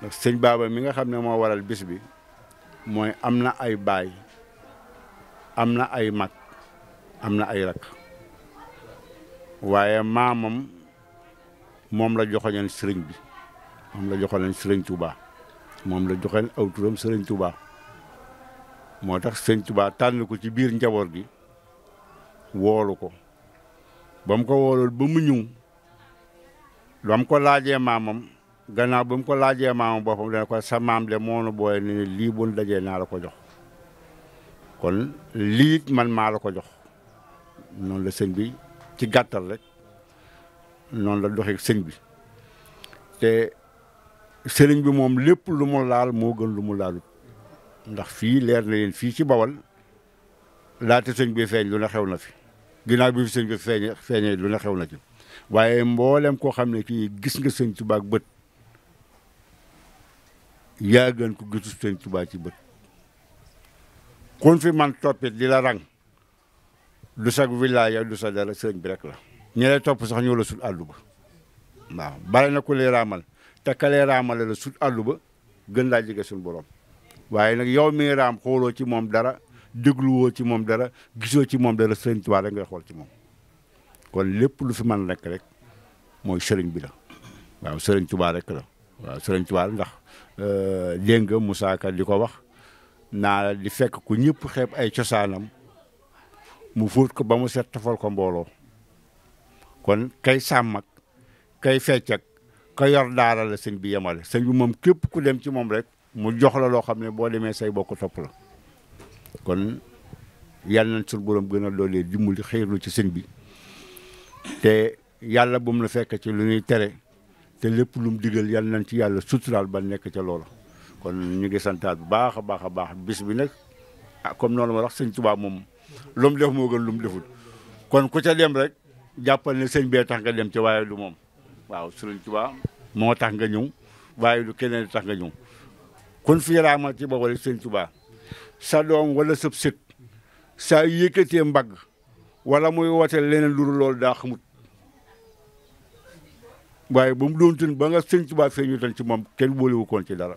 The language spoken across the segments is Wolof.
ndax sëñ baaba mi nga xam ne moo waral bis bi mooy am na ay baay am na ay mag am na ay rakk waaye maamam moom la joxoñoon sëriñ bi moom la joxoñoon sëriñ Touba moom la joxoon aw turam sëriñ Touba moo tax sëriñ Touba tànn ko ci biir njaboot gi woolu ko ba mu ko woolul ba mu ñëw ba mu ko laajee maamam gannaaw ba mu ko laajee maamu boppam dana ko sa maam de moo nu booy ne lii bu nu dajee naa la ko jox kon liit man maa la ko jox noonu la sëñ bi ci gàttal rek noonu la doxee sëñ bi te sëriñ bi moom lépp lu mu laal moo gën lu mu laalut ndax fii leer na leen fii ci bawal laata sëñ bi feeñ lu na xew na fi ginnaaw bi fi sëñ bi feeñee feeñee lu na xew na ci waaye mboolem koo xam ne kii gis nga sëñ Tuubaa ak bët yaa gën ko gisu sëñ Tuubaa ci bët kun fi man toppit di la rang du sag wilaaya du sa dara sëñ bi rek la ñi lay topp sax ñoo la sut àllu ba waaw bari na ku lay raamal te ka lay la sut àllu ba gën laa jege suñu borom waaye nag yow mi raam xooloo ci moom dara dégluwoo ci moom dara gisoo ci moom dara sëriñ Tuubaa rek ngay xool ci moom kon lépp lu fi man nekk rek mooy sëriñ bi la waaw sëriñ tubaa rek la waaw sëriñ Tuubaa ndax Euh, dégg nga Moussa di ko wax naa di fekk ku ñëpp xeeb ay cosaanam mu fuut ko ba mu set tafal ko mbooloo kon kay sàmm kay fecc ak ka yor daara la sëñ bi yemale sëñ bi moom képp ku dem ci moom rek mu jox la loo xam ne boo demee say bokk topp la kon yàlla nañ suñu borom gën a doolee dimbali xëyru ci sëñ bi te yàlla bu mu fekk ci lu ñuy tere te lépp lu mu digal yal nañ ci yàlla suturaal ba nekke ca loola kon ñu ngi santaat bu baax a baax a baax bis bi nag ah comme noonu ma wax sëñ Tuubaa moom lu mu def moo gën lu mu kon ku ca dem rek jàppal ne sëñ bee tax nga dem ca waaye du moom waaw sëñ tubaa moo tax nga ñëw waaye du keneen tax nga ñëw kon fii raama ci ba wala sëñ Tuubaa sa doom wala sëb sët saa yëkkatee mbagg wala muy woote leneen lu dul loolu daa xamut waaye ba mu doon tën ba nga sëñ Tuubaa feeñu tan ci moom kenn boolewu koon ci dara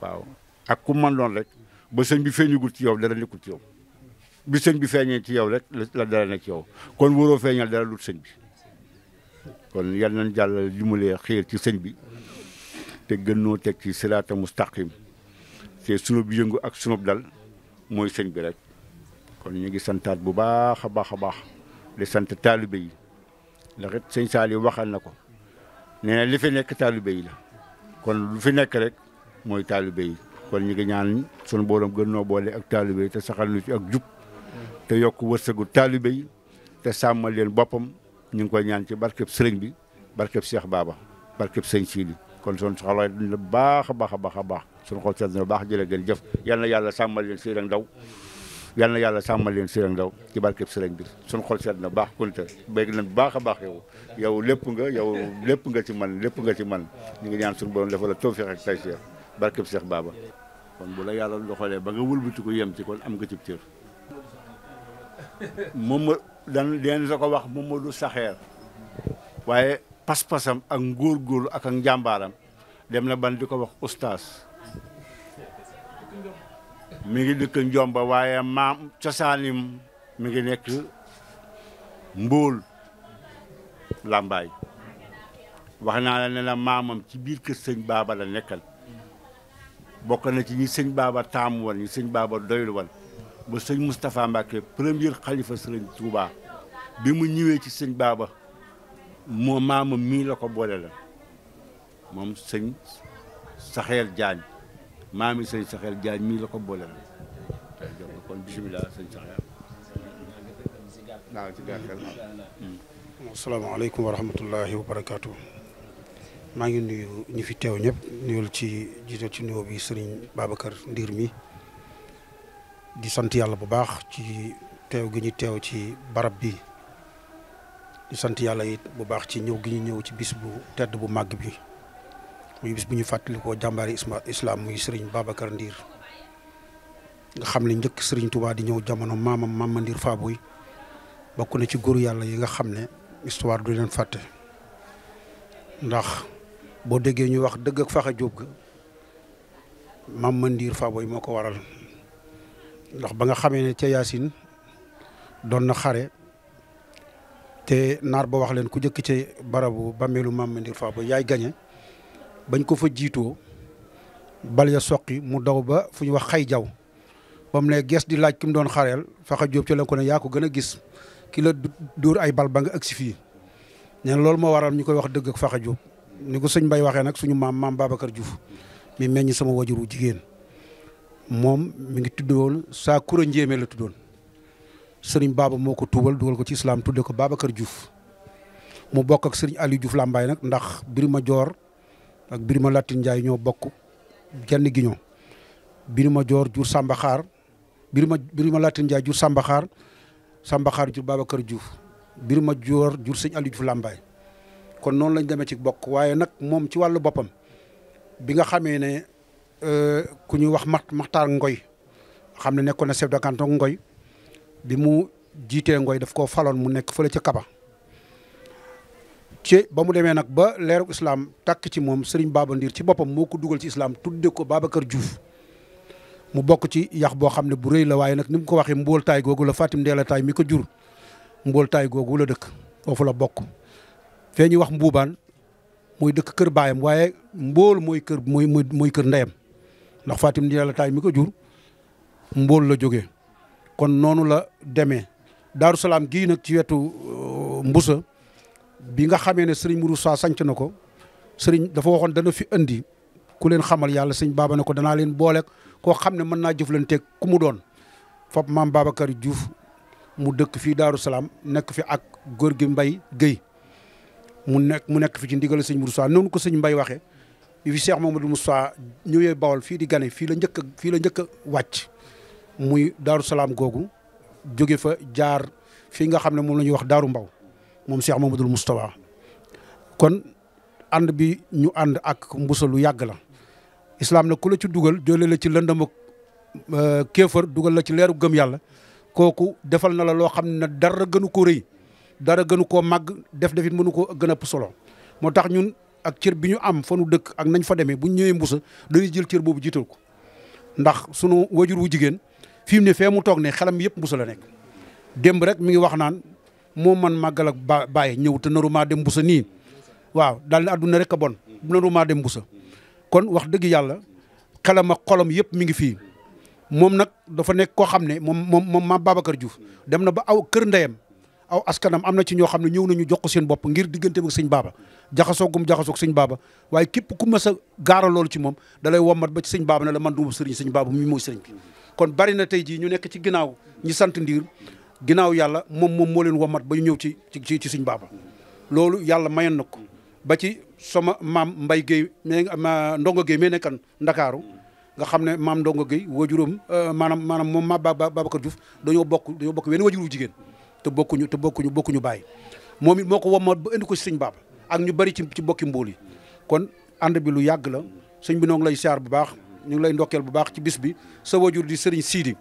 waaw ak ku man doon rek ba sëñ bi feeñugul ci yow dara nekkul ci yow bi sëñ bi feeñee ci yow rek la dara nekk ci yow kon waroo feeñal dara lut sëñ bi kon yal nañ jàll dimbalee xiir ci sëñ bi te gën noo teg ci siraata mustaqim te sunub yëngu ak sunub dal mooy sëñ bi rek kon ñu ngi santaat bu baax a baax a baax di sant taalibe yi ndax it sëñ na ko nee na li fi nekk taalibe yi la kon lu fi nekk rek mooy taalibe yi kon ñu ngi ñaan sunu borom gën noo boole ak taalibe yi te saxal ci ak jub te yokk wërsëgu taalibe yi te sàmmal leen boppam ñu ngi koy ñaan ci barkeb sëriñ bi barkeb Cheikh Baba barkeb sëñ Sidi kon son soxla dina baax a baax a baax a baax sunu xol sedd na baax jërë ngeen jëf yal na yàlla sàmmal leen sëriñ ak ndaw yal yàlla sàmmal leen sëriñ ndaw ci barkeb sëriñ bi suñ xol seet na baax kunta bégg na baax a baax yow yow lépp nga yow lépp nga ci man lépp nga ci man ñu ngi ñaan suñu borom dafa la tawfiq ak tayseer barkeb Seex Baaba kon bu la yàlla doxalee ba nga wëlbati ko yem ci kon am nga ci cër moom ma dan leen sa ko wax moom ma du saxeer waaye pas-pasam ak ngóor-góorlu ak ak njàmbaaram dem na ban di ko wax ustaas mi ngi dëkk Njomba waaye maam cosaanim mu ngi nekk Mbool làmbaay wax naa la ne la maamam ci biir kë sëñ baaba la nekkal bokk na ci ñi sëñ baaba taam woon ñi sëñ baaba doylu woon ba sëñ Moustapha Mbacke premier xalifa sëriñ Touba bi mu ñëwee ci sëñ baaba moo maamam mii la ko boole la moom sëñ Saxeel Jaañ maami sëñ Saxel Jaañ mii la ko boole kon bisimilah sëñ Saxel waaw ci gàttal mm. maa ngi nuyu ñu fi teew ñëpp nuyul ci jiital ci nuyoo bi sëriñ Babacar Ndiir mi di sant yàlla bu baax ci teew gi ñu teew ci barab bi di sant yàlla yit bu baax ci ñëw gi ñu ñëw ci bis bu tedd bu màgg bi muy bis bu ñu fàttalikoo jàmbaari islam muy Serigne Babacar Ndiir nga xam ne njëkk sëriñ Touba di ñëw jamono maamam maama Ndiir Faaboy bokk na ci góoru yàlla yi nga xam ne histoire du leen fàtte ndax boo déggee ñu wax dëgg ak faxa jóob ga maama Ndiir Faaboy moo ko waral ndax ba nga xamee ne ca Yaasin doon na xare te naar ba wax leen ku jëkk ci barabu bàmmeelu maama Ndiir Faaboy yaay gañe bañ ko fa jiitoo bal ya soqi mu daw ba fu ñu wax xay jaw ba mu ne gees di laaj ki mu doon xareel faxa jóob ci la ko ne yaa ko gën a gis ki la ay bal ba nga agsi fii neen loolu moo waral ñu koy wax dëgg ak faxa jóob ni ko sëñ Mbay waxee nag suñu maam maam Babacar Diouf mi meññ sama wajuru jigéen moom mu ngi tudd woon saa kura njéeme la tuddoon sëriñ Baba moo ko tuubal dugal ko ci islam tudde ko Babacar juuf mu bokk ak sëriñ Aliou Diouf Lambaye nag ndax Birima Joor ak Birima Latin Ndiaye ñoo bokk genn gi ñoo Birima Joor jur Samba Xaar Birima Birima Latin Ndiaye jur Samba Xaar Samba Xaar jur Babacar Diouf Birima Joor jur sëñ Aliou Diouf Lambaye kon noonu lañ demee ci bokk waaye nag moom ci wàllu boppam bi nga xamee ne euh, ku ñuy wax Max Maxtaar Ngoy xam ne nekkoon na chef de Ngoy bi mu jiitee Ngoy def koo faloon mu nekk fële ca Kaba ci ba mu demee nag ba leeruk islam tàkk ci moom Serigne Baba Ndiir ci boppam moo ko dugal ci islam tudde ko baaba kër Diouf mu bokk ci yax boo xam ne bu rëy la waaye nag ni mu ko waxee mbooltaay googu la Fatim Ndeela Taay mi ko jur mbooltaay googu la dëkk foofu la bokk fee ñuy wax mbuubaan mooy dëkk kër baayam waaye mbool mooy kër mooy mooy kër ndeyam ndax Fatim Ndeela Taay mi ko jur mbool la jógee kon noonu la demee Daaru Salaam gii nag ci wetu uh, Mbusa bi nga xamee ne sëriñ Mouroussa sanc na ko sëriñ dafa waxoon dana fi andi ku leen xamal yàlla sëñ baaba ne ko danaa leen boole koo xam ne mën naa jëflanteeg ku mu doon fop maam Babacar Diouf mu dëkk fii Daaru Salaam nekk fi ak góor gi Mbay Guèye mu nekk mu nekk fi ci ndigal sëñ Moussa noonu ko sëñ Mbay waxee bi fi Cheikh mu Moussa ñëwee Bawol fii di gane fii la njëkk fii la njëkk a wàcc muy Daaru Salaam googu jóge fa jaar fii nga xam ne moom la ñuy wax Daaru Mbaw moom Cheikh Mamadou Moustapha kon ànd bi ñu ànd ak mbuso lu yàgg la islam na ku la ci dugal jëlee la ci lëndëm ak euh, kéefër dugal la ci leeru gëm yàlla kooku defal na la loo xam ne dara gënu ko rëy dara gënu koo màgg def defit mënu ko gën a moo tax ñun ak cër bi ñu am fa nu dëkk ak nañ fa demee bu ñu ñëwee mbusa dañuy jël cër boobu jiital ko ndax sunu wajur wu jigéen fi mu ne fee mu toog ne xelam yëpp mbusa nekk démb rek mi ngi wax naan moom man màggal ak ba bàyyi ñëw te naru maa dem busa nii waaw dal ne àdduna rek a bon naru maa dem busa kon wax dëgg yàlla xelam ak xolam yëpp mi ngi fii moom nag dafa nekk koo xam ne moom moom moom maam Babacar Diouf dem na ba aw kër ndeyam aw askanam am na ci ñoo xam ne ñëw nañu jox ko seen bopp ngir diggante ak sëñ baaba jaxasoo gum jaxasoo ak sëñ baaba waaye képp ku mës a gaara loolu ci moom dalay wommat ba ci sëñ baaba ne la man duuma sëriñ sëñ baaba mi mooy sëriñ bi kon bari na tey jii ñu nekk ci ginnaaw ñi sant ndiir ginnaaw yàlla moom moom moo leen womat ba ñu ñëw ci ci ci suñ baaba loolu yàlla mayoon na ko ba ci sama maam mbay géey ma ndongo géey mee nekkan ndakaaru nga xam ne maam ndongo géey wajuróom euh, maanaam maanaam moom ma Babacar Diouf dañoo bokk dañoo bokk wenn wajuru jigéen te bokkuñu te bokkuñu bokkuñu bàyyi moom it moo ko womat ba indi ko si suñ baaba ak ñu bari ci ci bokki mbóol yi kon ànd bi lu yàgg la sëñ bi noo lay siyaar bu baax ñu ngi lay ndokkeel bu baax ci bis bi sa wajur di sëriñ siidi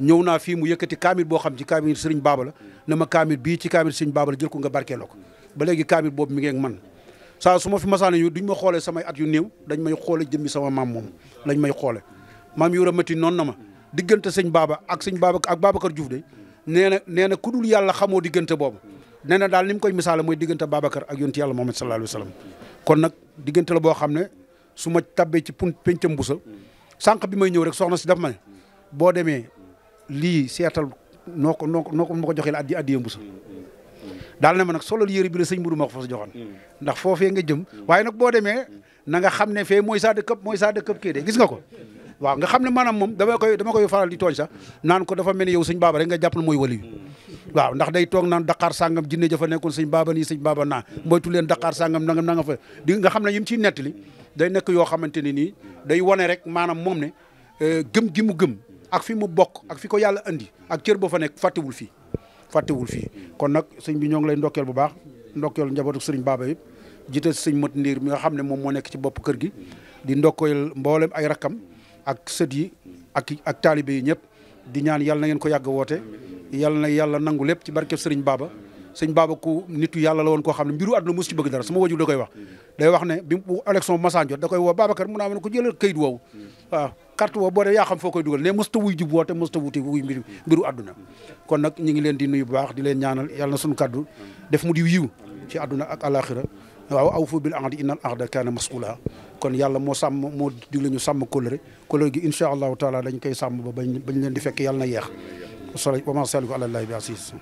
ñëw naa fii mu yëkkati kaamil boo xam ci kaamil sëriñ baaba la na ma kaamil bii ci kaamil sëriñ baaba la jël ko nga barkeeloo ko ba léegi kaamil boobu mi ngi man saa su ma fi masaana ñu duñ ma xoole samay at yu néew dañ may xoole jëmmi sama maam moom lañ may xoole maam yu ti noon na ma diggante sëñ baaba ak sëñ baaba ak Babacar Diouf de nee na nee na ku yàlla xamoo diggante boobu nee na daal ni mu koy misaal mooy diggante Babacar ak yonti yàlla Muhammad sallallahu alayhi kon nag diggante la boo xam ne su ma tabbee ci pun pencam bu sa sànq bi may ñëw rek soxna si daf ma boo demee lii seetal noo ko noo ko noo ko ma ko joxee la addi addiyee mbusa daal ne ma nag solo yére bi la sëñ Mourou ma ko fa joxoon mm. ndax foofee nga jëm mm. waaye nag boo demee na xam ne fee mooy saa dëkkëb mooy saa dëkkëb kii de gis nga ko waaw nga xam ne maanaam moom dama koy dama koy faral di tooñ sax naan ko dafa mel ni yow sëñ baaba rek nga jàpp ne mooy waliyu mm. waaw ndax day toog naan daqaar sàngam jinne jafa nekkoon sëñ baaba nii sëñ baaba naa moytu leen daqaar sàngam nangam nanga fa di nga xam ne yim ciy nettali day nekk yoo xamante ne nii day wane rek maanaam moom ne euh, gëm gi mu gëm ak fi mu bokk ak fi ko yàlla andi ak cër boo fa nekk fàttewul fii fàttewul fi kon nag sëñ bi ñoo ngi lay ndokkeel bu baax ndokkeel njabootu sëriñ baaba yëpp jiite sëñ mat mi nga xam ne moom moo nekk ci bopp kër gi di ndokkeel mboolem ay rakkam ak sët yi ak ak taalibe yi ñëpp di ñaan yàlla na ngeen ko yàgg woote yàlla na yàlla nangu lépp ci barkeb sëriñ baaba sëñ baaba ko nitu yàlla la woon koo xam ne mbiru àdduna mos ci bëgg dara sama wajur da koy wax day wax ne bi élection masaan jot da koy woo Babacar mun a mën ko jëlal kayit woowu carte woo boo dee yaa xam foo koy dugal ne mosut a wuy jub woote mosut a wuti wuy mbiru mbiru àdduna kon nag ñu ngi leen di nuyu bu baax di leen ñaanal yàlla na suñu kaddu def mu di yiw ci àdduna ak alaxira waaw awfu bil ahdi innal ahda kaana mas'uula kon yàlla moo sàmm moo digle ñu sàmm kóllëre kóllëre gi incha allahu taala dañ koy sàmm ba bañ bañ leen di fekk yàlla na yeex wasalaam wa maa zaalika alallaahi bi aziiz